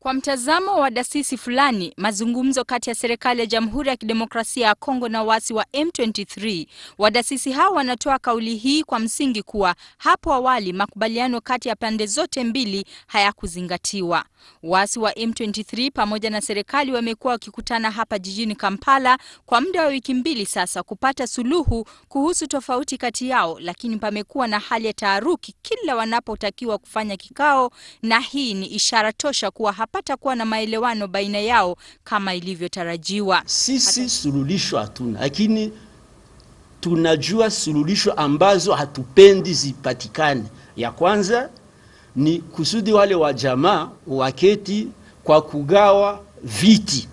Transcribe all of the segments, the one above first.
Kwa mtazamo wa dasisi fulani, mazungumzo kati ya serikali ya Jamhuri ya Kidemokrasia ya Kongo na waasi wa M23, wadasisi hao wanatoa kauli hii kwa msingi kuwa hapo awali makubaliano kati ya pande zote mbili hayakuzingatiwa. Waasi wa M23 pamoja na serikali wamekuwa wakikutana hapa jijini Kampala kwa muda wa wiki mbili sasa kupata suluhu kuhusu tofauti kati yao, lakini pamekuwa na hali ya taharuki kila wanapotakiwa kufanya kikao, na hii ni ishara tosha kuwa hapata kuwa na maelewano baina yao kama ilivyotarajiwa. Sisi Hata... suluhisho hatuna, lakini tunajua suluhisho ambazo hatupendi zipatikane. Ya kwanza ni kusudi wale wa jamaa waketi kwa kugawa viti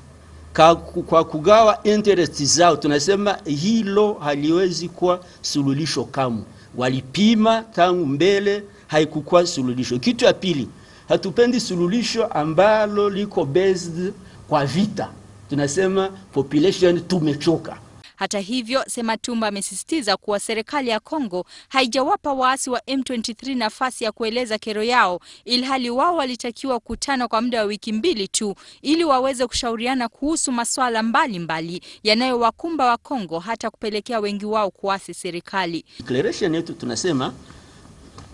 kwa kugawa interest zao. Tunasema hilo haliwezi kuwa suluhisho kamwe. Walipima tangu mbele, haikukuwa suluhisho. Kitu ya pili hatupendi sululisho ambalo liko based kwa vita, tunasema population tumechoka. Hata hivyo, Sematumba amesisitiza kuwa serikali ya Kongo haijawapa waasi wa M23 nafasi ya kueleza kero yao, ilhali wao walitakiwa kukutana kwa muda wa wiki mbili tu ili waweze kushauriana kuhusu masuala mbalimbali yanayowakumba wa Kongo, hata kupelekea wengi wao kuasi serikali. Declaration yetu tunasema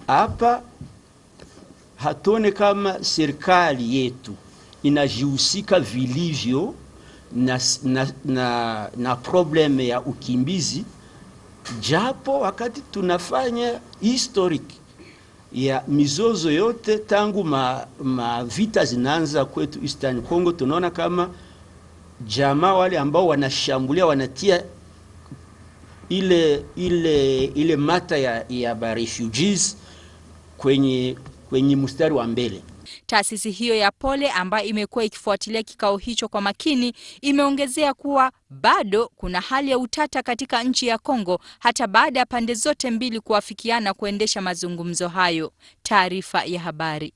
hapa hatuone kama serikali yetu inajihusika vilivyo na, na, na, na probleme ya ukimbizi, japo wakati tunafanya historic ya mizozo yote tangu ma, ma vita zinaanza kwetu Eastern Congo, tunaona kama jamaa wale ambao wanashambulia wanatia ile, ile, ile mata ya, ya ba refugees kwenye kwenye mstari wa mbele. Taasisi hiyo ya Pole ambayo imekuwa ikifuatilia kikao hicho kwa makini imeongezea kuwa bado kuna hali ya utata katika nchi ya Kongo hata baada ya pande zote mbili kuafikiana kuendesha mazungumzo hayo. Taarifa ya habari